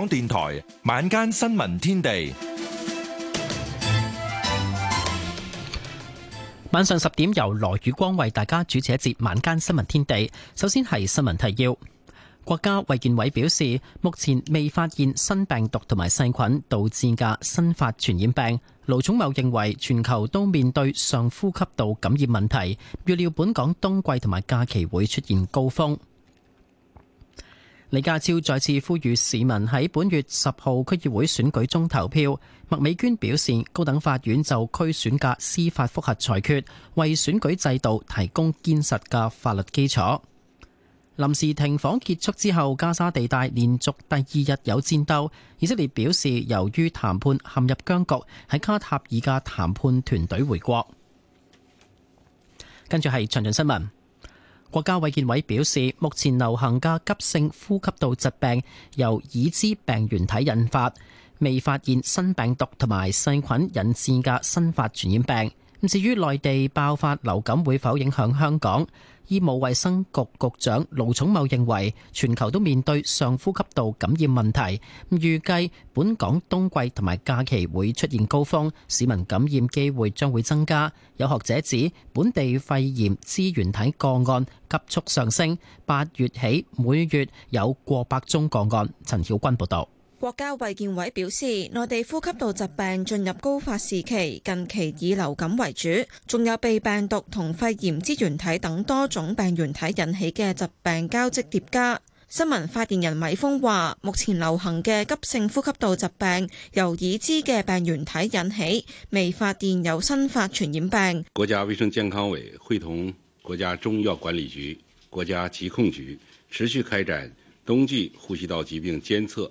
港電台晚間新聞天地，晚上十點由羅宇光為大家主持一節晚間新聞天地。首先係新聞提要，國家衛健委表示，目前未發現新病毒同埋細菌導致嘅新發傳染病。盧寵茂認為，全球都面對上呼吸道感染問題，預料本港冬季同埋假期會出現高峰。李家超再次呼籲市民喺本月十號區議會選舉中投票。麥美娟表示，高等法院就區選嘅司法複核裁決，為選舉制度提供堅實嘅法律基礎。臨時停火結束之後，加沙地帶連續第二日有戰鬥。以色列表示，由於談判陷入僵局，喺卡塔爾嘅談判團隊回國。跟住係詳盡新聞。國家衛健委表示，目前流行嘅急性呼吸道疾病由已知病原體引發，未發現新病毒同埋細菌引致嘅新發傳染病。咁至於內地爆發流感會否影響香港？醫務衛生局局長盧寵茂認為，全球都面對上呼吸道感染問題，預計本港冬季同埋假期會出現高峰，市民感染機會將會增加。有學者指，本地肺炎支原體個案急速上升，八月起每月有過百宗個案。陳曉君報道。國家衛健委表示，內地呼吸道疾病進入高發時期，近期以流感為主，仲有被病毒同肺炎支原體等多種病原體引起嘅疾病交織疊加。新聞發言人米峰話，目前流行嘅急性呼吸道疾病由已知嘅病原體引起，未發現有新發傳染病。國家衛生健康委會同國家中醫藥管理局、國家疾控局持續開展冬季呼吸道疾病監測。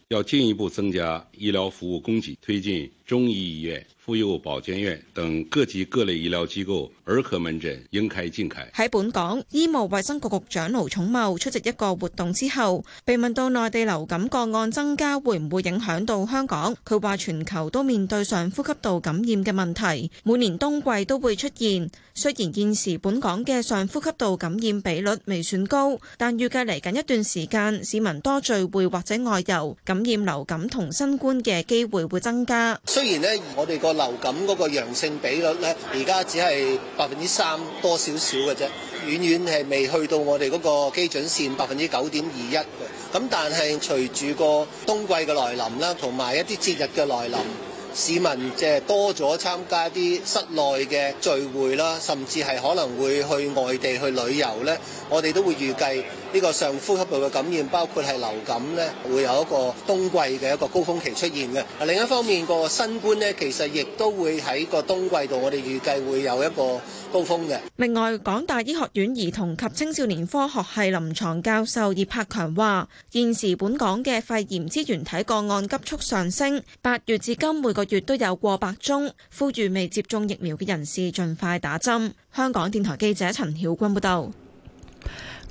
要進一步增加醫療服務供給，推進中醫醫院、婦幼保健院等各級各類醫療機構兒科門診應開盡開。喺本港，醫務衛生局局長盧寵茂出席一個活動之後，被問到內地流感個案增加會唔會影響到香港，佢話全球都面對上呼吸道感染嘅問題，每年冬季都會出現。雖然現時本港嘅上呼吸道感染比率未算高，但預計嚟緊一段時間，市民多聚會或者外遊，咁。感染流感同新冠嘅機會會增加。雖然咧，我哋個流感嗰個陽性比率咧，現在是而家只係百分之三多少少嘅啫，遠遠係未去到我哋嗰個基準線百分之九點二一嘅。咁但係隨住個冬季嘅來臨啦，同埋一啲節日嘅來臨，市民即係多咗參加啲室內嘅聚會啦，甚至係可能會去外地去旅遊咧，我哋都會預計。呢個上呼吸道嘅感染，包括係流感呢，會有一個冬季嘅一個高峰期出現嘅。另一方面個新冠呢其實亦都會喺個冬季度，我哋預計會有一個高峰嘅。另外，港大醫學院兒童及青少年科學系臨床教授葉柏強話：現時本港嘅肺炎支原體個案急速上升，八月至今每個月都有過百宗，呼籲未接種疫苗嘅人士盡快打針。香港電台記者陳曉君報道。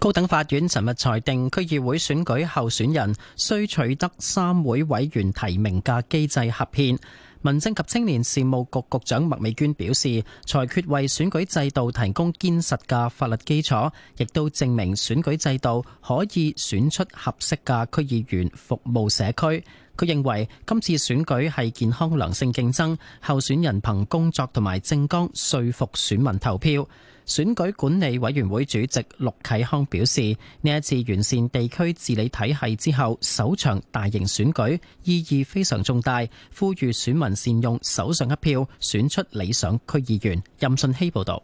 高等法院尋日裁定，區議會選舉候選人需取得三會委員提名嘅機制合憲。民政及青年事務局局局長麥美娟表示，裁決為選舉制度提供堅實嘅法律基礎，亦都證明選舉制度可以選出合適嘅區議員服務社區。佢認為今次選舉係健康良性競爭，候選人憑工作同埋政綱說服選民投票。選舉管理委員會主席陸啟康表示，呢一次完善地區治理體系之後首場大型選舉，意義非常重大，呼籲選民善用手上一票，選出理想區議員。任信希報導。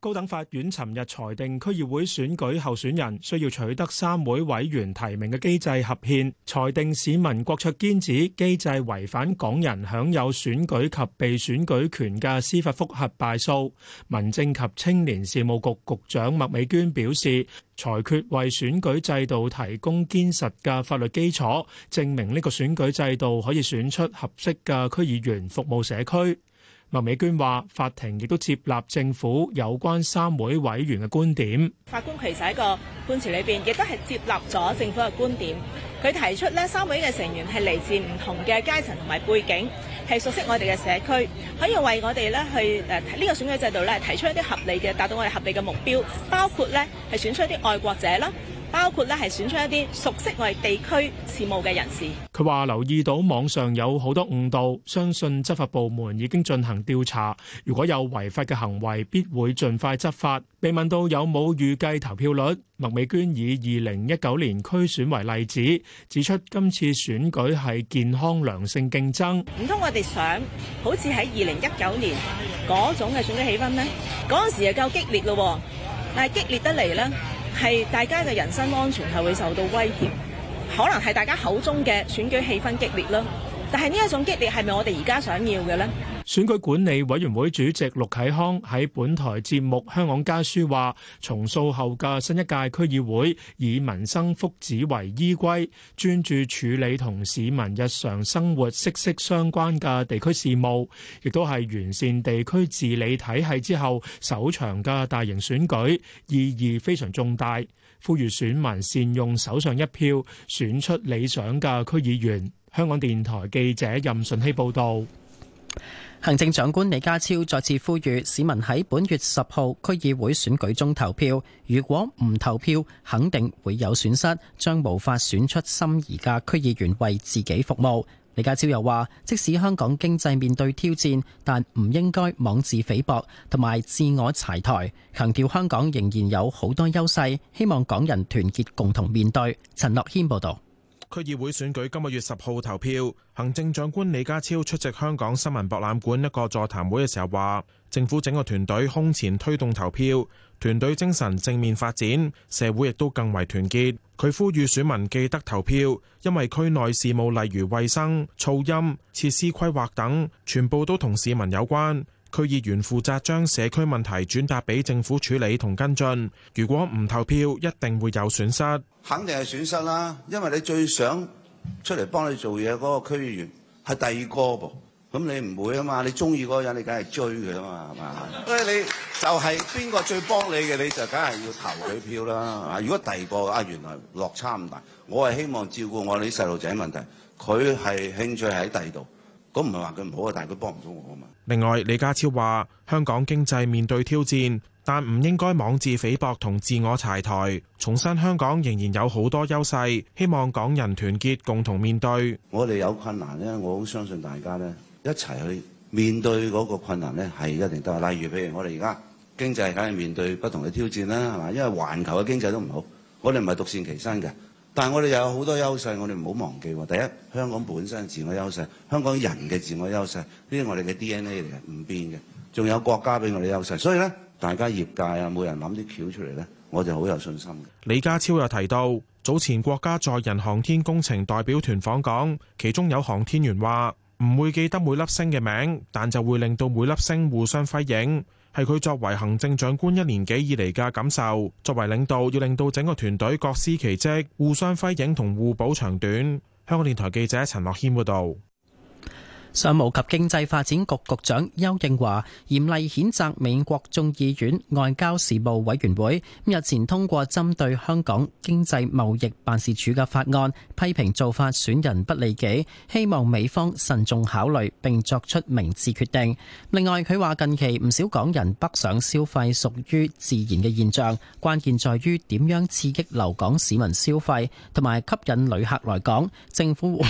高等法院尋日裁定區議會選舉候選人需要取得三會委員提名嘅機制合憲，裁定市民郭卓堅指機制違反港人享有選舉及被選舉權嘅司法覆核敗訴。民政及青年事務局局，局長麥美娟表示，裁決為選舉制度提供堅實嘅法律基礎，證明呢個選舉制度可以選出合適嘅區議員服務社區。麥美娟話：法庭亦都接納政府有關三會委員嘅觀點。法官其實喺個判詞裏邊亦都係接納咗政府嘅觀點。佢提出呢三位嘅成員係嚟自唔同嘅階層同埋背景，係熟悉我哋嘅社區，可以為我哋咧去誒呢、呃這個選舉制度咧提出一啲合理嘅，達到我哋合理嘅目標，包括咧係選出一啲愛國者啦。包括咧，係選出一啲熟悉我哋地區事務嘅人士。佢話留意到網上有好多誤導，相信執法部門已經進行調查。如果有違法嘅行為，必會盡快執法。被問到有冇預計投票率，麥美娟以二零一九年區選為例子，指出今次選舉係健康良性競爭。唔通我哋想好似喺二零一九年嗰種嘅選舉氣氛咧，嗰陣時就夠激烈咯，但係激烈得嚟咧。係大家嘅人身安全係會受到威脅，可能係大家口中嘅選舉氣氛激烈啦。但係呢一種激勵係咪我哋而家想要嘅咧？選舉管理委員會主席陸啟康喺本台節目《香港家書》話，重塑後嘅新一屆區議會以民生福祉為依歸，專注處理同市民日常生活息息相關嘅地區事務，亦都係完善地區治理體系之後首場嘅大型選舉，意義非常重大。呼籲選民善用手上一票，選出理想嘅區議員。香港電台記者任順希報道，行政長官李家超再次呼籲市民喺本月十號區議會選舉中投票。如果唔投票，肯定會有損失，將無法選出心儀嘅區議員為自己服務。李家超又話，即使香港經濟面對挑戰，但唔應該妄自菲薄同埋自我柴台，強調香港仍然有好多優勢，希望港人團結，共同面對。陳樂謙報道。區議會選舉今個月十號，投票。行政長官李家超出席香港新聞博覽館一個座談會嘅時候話，政府整個團隊空前推動投票，團隊精神正面發展，社會亦都更為團結。佢呼籲選民記得投票，因為區內事務，例如衛生、噪音、設施規劃等，全部都同市民有關。區議員負責將社區問題轉達俾政府處理同跟進。如果唔投票，一定會有損失，肯定係損失啦。因為你最想出嚟幫你做嘢嗰個區議員係第二個噃，咁你唔會啊嘛？你中意嗰個人，你梗係追佢啊嘛？係嘛？所以你就係邊個最幫你嘅，你就梗係要投佢票啦。如果第二個啊，原來落差咁大，我係希望照顧我啲細路仔問題，佢係興趣喺第度，咁唔係話佢唔好啊，但係佢幫唔到我啊嘛。另外，李家超話：香港經濟面對挑戰，但唔應該妄自菲薄同自我柴台。重申香港仍然有好多優勢，希望港人團結，共同面對。我哋有困難呢，我好相信大家呢，一齊去面對嗰個困難呢，係一定得。例如，譬如我哋而家經濟梗係面對不同嘅挑戰啦，係嘛？因為環球嘅經濟都唔好，我哋唔係獨善其身嘅。但係我哋有好多優勢，我哋唔好忘記喎。第一，香港本身自我優勢，香港人嘅自我優勢呢啲我哋嘅 DNA 嚟嘅，唔變嘅。仲有國家俾我哋優勢，所以咧，大家業界啊，每人諗啲橋出嚟咧，我就好有信心。李家超又提到，早前國家載人航天工程代表團訪港，其中有航天員話唔會記得每粒星嘅名，但就會令到每粒星互相輝映。係佢作為行政長官一年幾以嚟嘅感受，作為領導要令到整個團隊各司其職，互相輝映同互補長短。香港電台記者陳樂軒報道。商務及經濟發展局局長邱應華嚴厲譴責美國眾議院外交事務委員會日前通過針對香港經濟貿易辦事處嘅法案，批評做法損人不利己，希望美方慎重考慮，並作出明智決定。另外，佢話近期唔少港人北上消費屬於自然嘅現象，關鍵在於點樣刺激留港市民消費同埋吸引旅客來港。政府。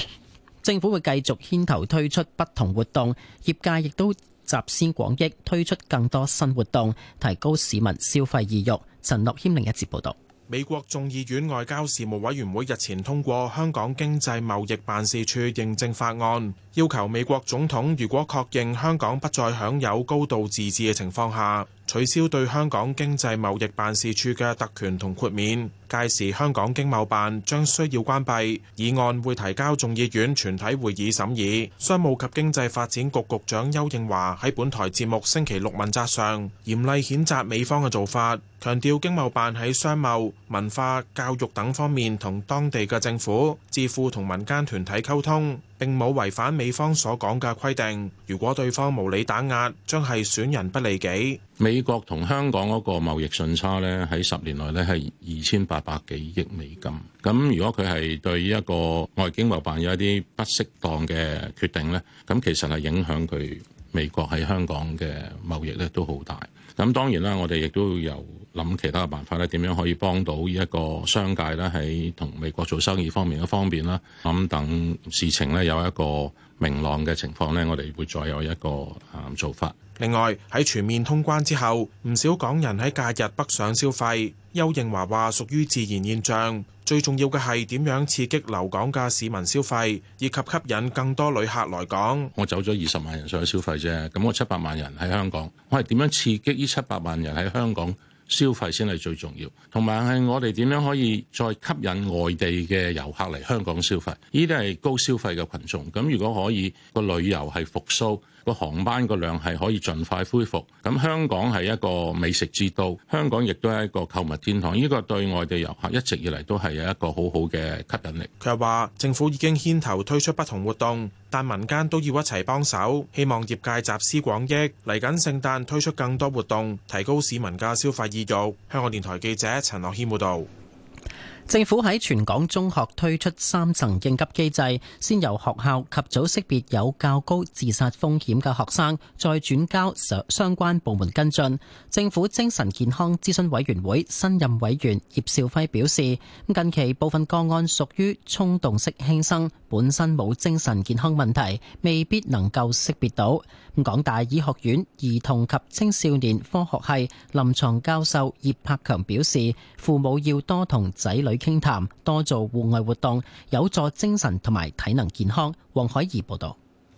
政府會繼續牽頭推出不同活動，業界亦都集思廣益推出更多新活動，提高市民消費意欲。陳諾軒另一節報道。美國眾議院外交事務委員會日前通過香港經濟貿易辦事處認證法案，要求美國總統如果確認香港不再享有高度自治嘅情況下，取消對香港經濟貿易辦事處嘅特權同豁免，屆時香港經貿辦將需要關閉。議案會提交眾議院全體會議審議。商務及經濟發展局局長丘應樺喺本台節目星期六問責上，嚴厲譴責美方嘅做法。強調經貿辦喺商貿、文化、教育等方面同當地嘅政府、智庫同民間團體溝通，並冇違反美方所講嘅規定。如果對方無理打壓，將係損人不利己。美國同香港嗰個貿易順差咧，喺十年內咧係二千八百幾億美金。咁如果佢係對於一個外經貿辦有一啲不適當嘅決定咧，咁其實係影響佢美國喺香港嘅貿易咧都好大。咁當然啦，我哋亦都要由，諗其他嘅辦法咧，點樣可以幫到呢一個商界咧？喺同美國做生意方面嘅方便啦，咁等事情咧有一個明朗嘅情況咧，我哋會再有一個啊做法。另外喺全面通關之後，唔少港人喺假日北上消費。邱應華話：屬於自然現象，最重要嘅係點樣刺激留港嘅市民消費，以及吸引更多旅客來港。我走咗二十萬人上去消費啫，咁我七百萬人喺香港，我係點樣刺激呢七百萬人喺香港？消費先係最重要，同埋係我哋點樣可以再吸引外地嘅遊客嚟香港消費？呢啲係高消費嘅群眾，咁如果可以，個旅遊係復甦，個航班個量係可以盡快恢復，咁香港係一個美食之都，香港亦都係一個購物天堂，呢個對外地遊客一直以嚟都係有一個好好嘅吸引力。佢又話政府已經牽頭推出不同活動。但民間都要一齊幫手，希望業界集思廣益，嚟緊聖誕推出更多活動，提高市民嘅消費意欲。香港電台記者陳樂謙報道。政府喺全港中學推出三層應急機制，先由學校及早識別有較高自殺風險嘅學生，再轉交相關部門跟進。政府精神健康諮詢委員會新任委員葉兆輝表示，近期部分個案屬於衝動式輕生，本身冇精神健康問題，未必能夠識別到。港大醫學院兒童及青少年科學系臨床教授葉柏強表示，父母要多同仔女傾談，多做戶外活動，有助精神同埋體能健康。黃海怡報道：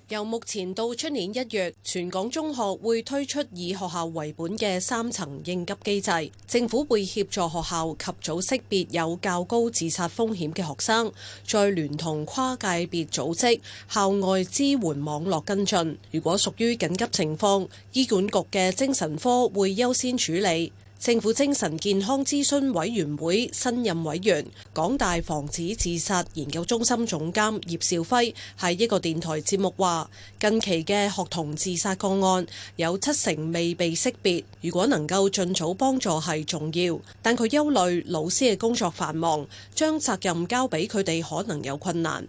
由目前到出年一月，全港中學會推出以學校為本嘅三層應急機制，政府會協助學校及早識別有較高自殺風險嘅學生，再聯同跨界別組織校外支援網絡跟進。如果屬於緊急情況，醫管局嘅精神科會優先處理。政府精神健康諮詢委員會新任委員、港大防止自殺研究中心總監葉兆輝喺一個電台節目話：近期嘅學童自殺個案有七成未被識別，如果能夠盡早幫助係重要，但佢憂慮老師嘅工作繁忙，將責任交俾佢哋可能有困難。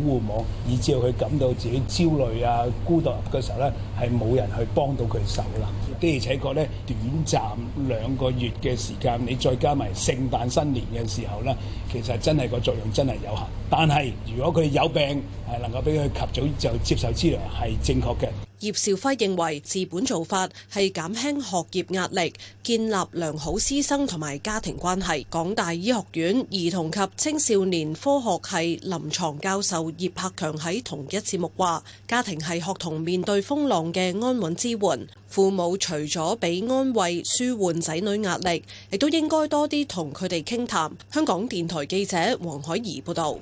互網，以致佢感到自己焦慮啊、孤獨嘅時候呢，係冇人去幫到佢手啦。的而且確呢，短暫兩個月嘅時間，你再加埋聖誕新年嘅時候呢，其實真係個作用真係有限。但係如果佢有病，係能夠俾佢及早就接受治療，係正確嘅。葉兆輝認為，治本做法係減輕學業壓力，建立良好師生同埋家庭關係。港大醫學院兒童及青少年科學系臨床教授葉柏強喺同一節目話，家庭係學童面對風浪嘅安穩支援，父母除咗俾安慰、舒緩仔女壓力，亦都應該多啲同佢哋傾談。香港電台記者黃海怡報道。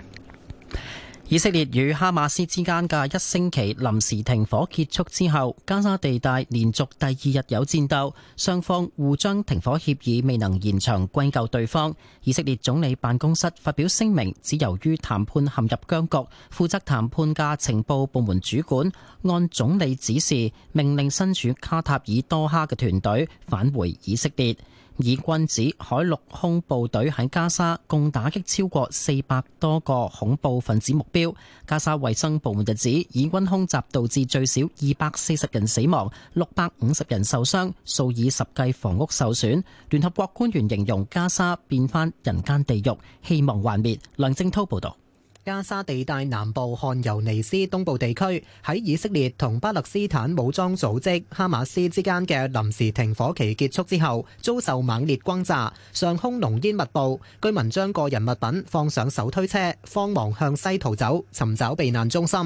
以色列與哈馬斯之間嘅一星期臨時停火結束之後，加沙地帶連續第二日有戰鬥，雙方互將停火協議未能延長，歸咎對方。以色列總理辦公室發表聲明，指由於談判陷入僵局，負責談判嘅情報部門主管按總理指示命令身處卡塔爾多哈嘅團隊返回以色列。以軍指海陸空部隊喺加沙共打擊超過四百多個恐怖分子目標。加沙衛生部門就指，以軍空襲導致最少二百四十人死亡、六百五十人受傷，數以十計房屋受損。聯合國官員形容加沙變翻人間地獄，希望幻滅。梁正濤報導。加沙地帶南部漢尤尼斯東部地區喺以色列同巴勒斯坦武裝組織哈馬斯之間嘅臨時停火期結束之後，遭受猛烈轟炸，上空濃煙密佈，居民將個人物品放上手推車，慌忙向西逃走，尋找避難中心。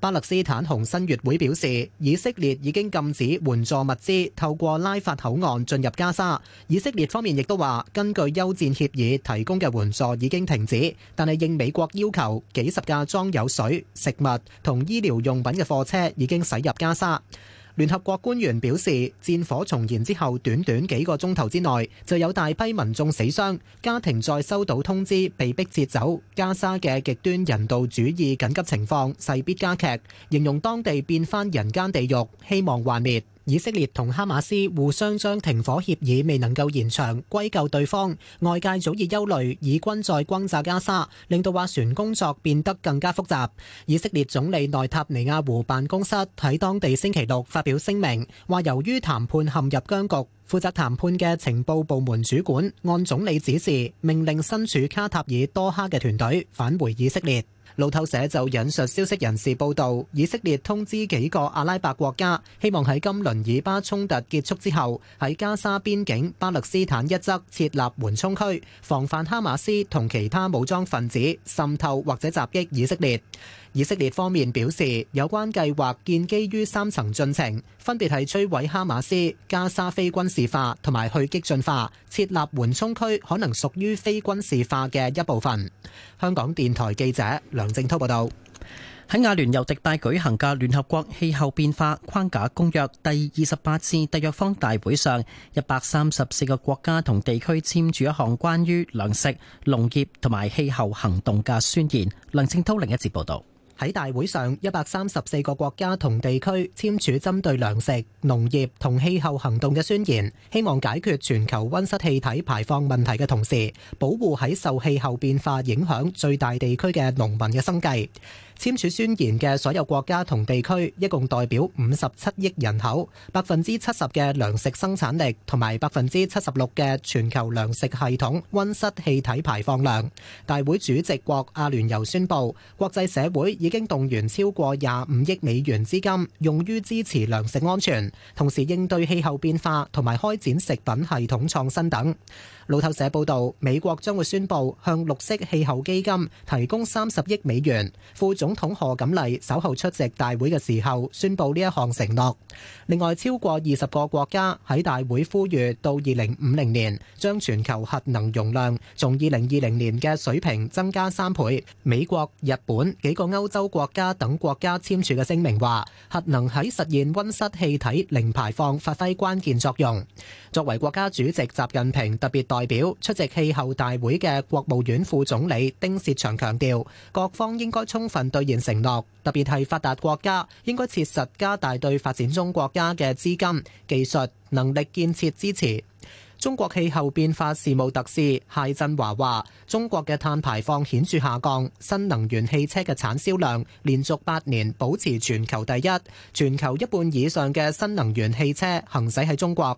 巴勒斯坦紅新月會表示，以色列已經禁止援助物資透過拉法口岸進入加沙。以色列方面亦都話，根據休戰協議提供嘅援助已經停止，但係應美國要求，幾十架裝有水、食物同醫療用品嘅貨車已經駛入加沙。聯合國官員表示，戰火重燃之後，短短幾個鐘頭之內就有大批民眾死傷，家庭再收到通知被逼撤走，加沙嘅極端人道主義緊急情況勢必加劇，形容當地變翻人間地獄，希望幻滅。以色列同哈馬斯互相將停火協議未能夠延長歸咎對方，外界早已憂慮以軍在轟炸加沙，令到斡旋工作變得更加複雜。以色列總理內塔尼亞胡辦公室喺當地星期六發表聲明，話由於談判陷入僵局，負責談判嘅情報部門主管按總理指示，命令身處卡塔爾多哈嘅團隊返回以色列。路透社就引述消息人士報道，以色列通知幾個阿拉伯國家，希望喺今輪以巴衝突結束之後，喺加沙邊境巴勒斯坦一側設立緩衝區，防範哈馬斯同其他武裝分子滲透或者襲擊以色列。以色列方面表示，有關計劃建基於三層進程，分別係摧毀哈馬斯、加沙非軍事化同埋去激進化。設立緩衝區可能屬於非軍事化嘅一部分。香港電台記者梁正濤報道。喺阿聯酋迪拜舉行嘅聯合國氣候變化框架公約第二十八次締約方大會上，一百三十四個國家同地區簽署一項關於糧食、農業同埋氣候行動嘅宣言。梁正濤另一節報道。喺大會上，一百三十四個國家同地區簽署針對糧食、農業同氣候行動嘅宣言，希望解決全球温室氣體排放問題嘅同時，保護喺受氣候變化影響最大地區嘅農民嘅生計。簽署宣言嘅所有國家同地區，一共代表五十七億人口，百分之七十嘅糧食生產力和同埋百分之七十六嘅全球糧食系統溫室氣體排放量。大會主席國阿聯酋宣布，國際社會已經動員超過廿五億美元資金，用於支持糧食安全，同時應對氣候變化同埋開展食品系統創新等。路透社報道，美國將會宣布向綠色氣候基金提供三十億美元，總統賀錦麗稍後出席大會嘅時候，宣布呢一項承諾。另外，超過二十個國家喺大會呼籲，到二零五零年將全球核能容量從二零二零年嘅水平增加三倍。美國、日本幾個歐洲國家等國家簽署嘅聲明話，核能喺實現溫室氣體零排放發揮關鍵作用。作為國家主席習近平特別代表出席氣候大會嘅國務院副總理丁薛祥強調，各方應該充分。兌現承諾，特別係發達國家應該切實加大對發展中國家嘅資金、技術、能力建設支持。中國氣候變化事務特使謝振華話，中國嘅碳排放顯著下降，新能源汽車嘅產銷量連續八年保持全球第一，全球一半以上嘅新能源汽車行駛喺中國。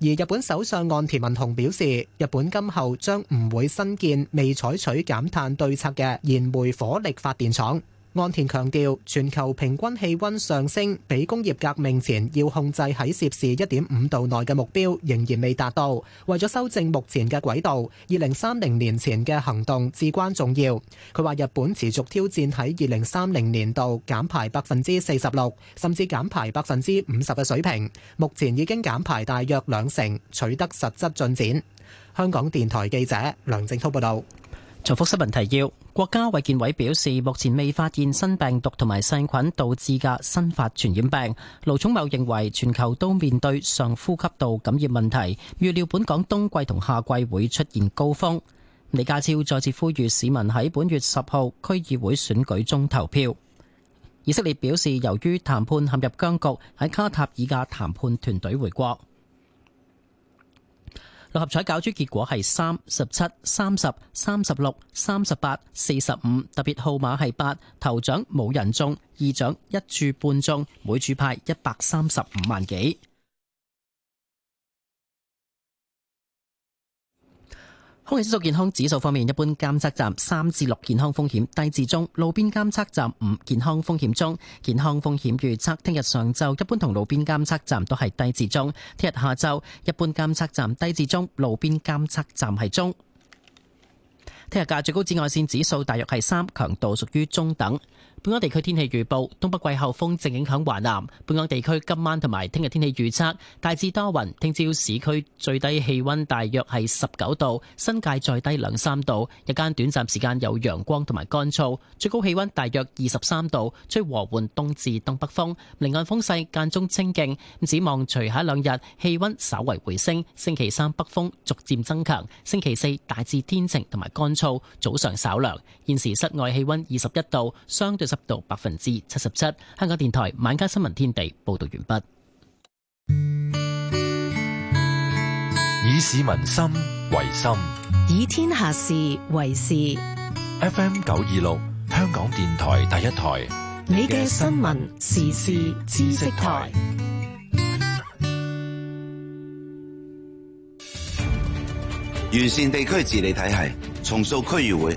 而日本首相岸田文雄表示，日本今後將唔會新建未採取減碳對策嘅燃煤火力發電廠。岸田強調，全球平均氣温上升比工業革命前要控制喺攝氏1.5度內嘅目標仍然未達到。為咗修正目前嘅軌道，2030年前嘅行動至關重要。佢話：日本持續挑戰喺2030年度減排百分之四十六，甚至減排百分之五十嘅水平。目前已經減排大約兩成，取得實質進展。香港電台記者梁靜滔報導。重複新聞提要：國家衛健委表示，目前未發現新病毒同埋細菌導致嘅新發傳染病。盧寵茂認為全球都面對上呼吸道感染問題，預料本港冬季同夏季會出現高峰。李家超再次呼籲市民喺本月十號區議會選舉中投票。以色列表示，由於談判陷入僵局，喺卡塔爾嘅談判團隊回國。六合彩攪珠結果係三十七、三十三、十六、三十八、四十五，特別號碼係八。頭獎冇人中，二獎一注半中，每注派一百三十五萬幾。空氣質素健康指數方面，一般監測站三至六健康風險低至中，路邊監測站五健康風險中，健康風險預測聽日上晝一般同路邊監測站都係低至中，聽日下晝一般監測站低至中，路邊監測站係中。聽日嘅最高紫外線指數大約係三，強度屬於中等。本港地區天氣預報：東北季候風正影響華南。本港地區今晚同埋聽日天氣預測大致多雲。聽朝市區最低氣溫大約係十九度，新界再低兩三度。日間短暫時間有陽光同埋乾燥，最高氣溫大約二十三度。吹和緩東至東北風。離岸風勢間中清勁。指望隨下兩日氣溫稍為回升。星期三北風逐漸增強。星期四大致天晴同埋乾燥，早上稍涼。現時室外氣溫二十一度，相對。濕度百分之七十七。香港電台《晚間新聞天地》報道完畢。以市民心為心，以天下事為事。FM 九二六，香港電台第一台，你嘅新聞時事知識台。完善地區治理體系，重塑區議會。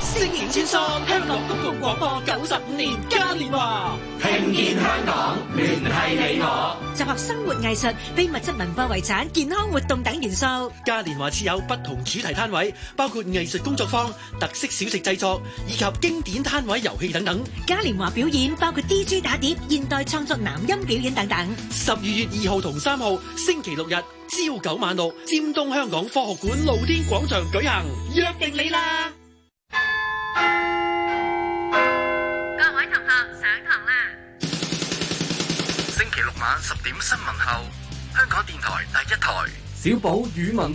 聖賢之聲，香港公共廣播九十五年嘉年華，聽見香港，聯繫你我。集合生活藝術、非物質文化遺產、健康活動等元素。嘉年華設有不同主題攤位，包括藝術工作坊、特色小食製作以及經典攤位遊戲等等。嘉年華表演包括 DJ 打碟、現代創作南音表演等等。十二月二號同三號星期六日朝九晚六，尖東香港科學館露天廣場舉行，約定你啦。各位同學，上堂啦！星期六晚十點新聞後，香港電台第一台「小寶語文」。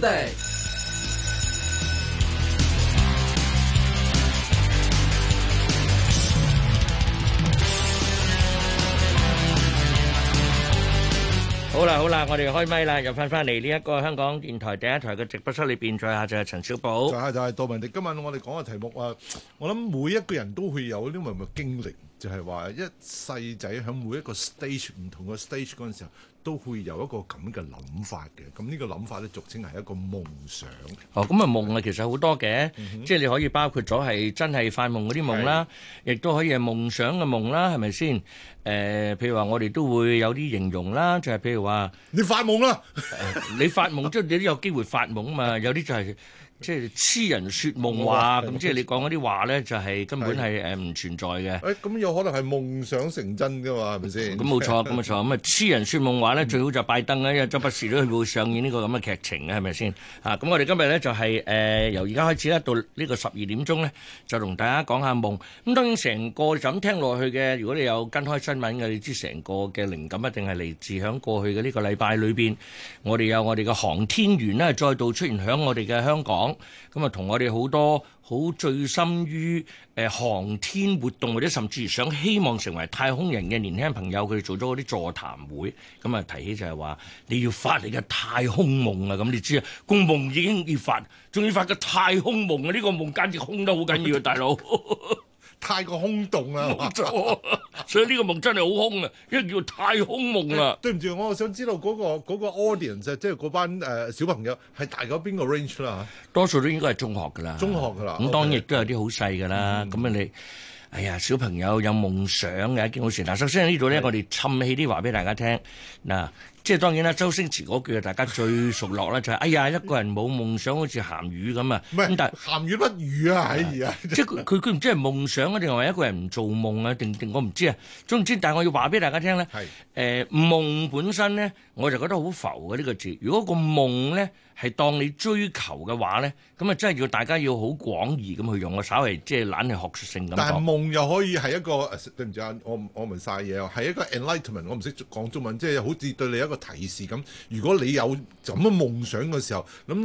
好啦好啦，我哋開咪啦，又翻翻嚟呢一個香港電台第一台嘅直播室裏面，再下就係陳小寶，就係就係杜文迪。今日我哋講嘅題目啊，我諗每一個人都會有呢啲咁嘅經歷，就係話一細仔響每一個 stage、唔同嘅 stage 嗰陣時候。都會有一個咁嘅諗法嘅，咁呢個諗法咧俗稱係一個夢想。哦，咁啊夢啊其實好多嘅，即係你可以包括咗係真係發夢嗰啲夢啦，亦都可以係夢想嘅夢啦，係咪先？誒，譬如話我哋都會有啲形容啦，就係譬如話你發夢啦，你發夢即係你都有機會發夢啊嘛，有啲就係。即係癡人説夢話，咁即係你講嗰啲話咧，就係根本係誒唔存在嘅。誒咁有可能係夢想成真㗎嘛，係咪先？咁冇錯，咁冇錯。咁啊，癡人説夢話咧， 最好就拜登啊，因為周不時都會上演呢個咁嘅劇情嘅，係咪先？啊，咁我哋今日咧就係、是、誒、呃、由而家開始咧到呢個十二點鐘咧，就同大家講下夢。咁當然成個就咁聽落去嘅，如果你有跟開新聞嘅，你知成個嘅靈感一定係嚟自喺過去嘅呢個禮拜裏邊。我哋有我哋嘅航天員咧，再度出現喺我哋嘅香港。咁啊，同我哋好多好醉心於誒航天活動或者甚至想希望成為太空人嘅年輕朋友，佢哋做咗嗰啲座談會，咁啊提起就係話你要發你嘅太空夢啊！咁你知啊，個夢已經要發，仲要發個太空夢啊！呢個夢簡直空得好緊要啊，大佬。 太過空洞啦， 所以呢個夢真係好空啊，因為 叫太空夢啦、哎。對唔住，我想知道嗰、那個那個 audience，即係嗰班誒、呃、小朋友係大咗邊個 range 啦，多數都應該係中學㗎啦，中學㗎啦。咁當然亦都有啲好細㗎啦。咁、okay。啊、嗯、你，哎呀小朋友有夢想嘅一件好事。嗱，首先喺呢度咧，我哋氹起啲話俾大家聽嗱。即係當然啦，周星馳嗰句大家最熟絡啦， 就係、是、哎呀一個人冇夢想 好似鹹魚咁啊！但係鹹魚乜魚啊？哎啊，即係佢佢唔知係夢想啊，定係一個人唔做夢啊？定定我唔知啊。總言之，但係我要話俾大家聽咧，係誒、呃、夢本身咧，我就覺得好浮嘅呢、這個字。如果個夢咧係當你追求嘅話咧，咁啊真係要大家要好廣義咁去用啊，我稍為即係懶去學術性咁。但係夢又可以係一個誒、呃、對唔住啊！我我問曬嘢啊，係一個 enlightenment，我唔識講中文，即係好似對你一個。提示咁，如果你有咁嘅夢想嘅時候，咁。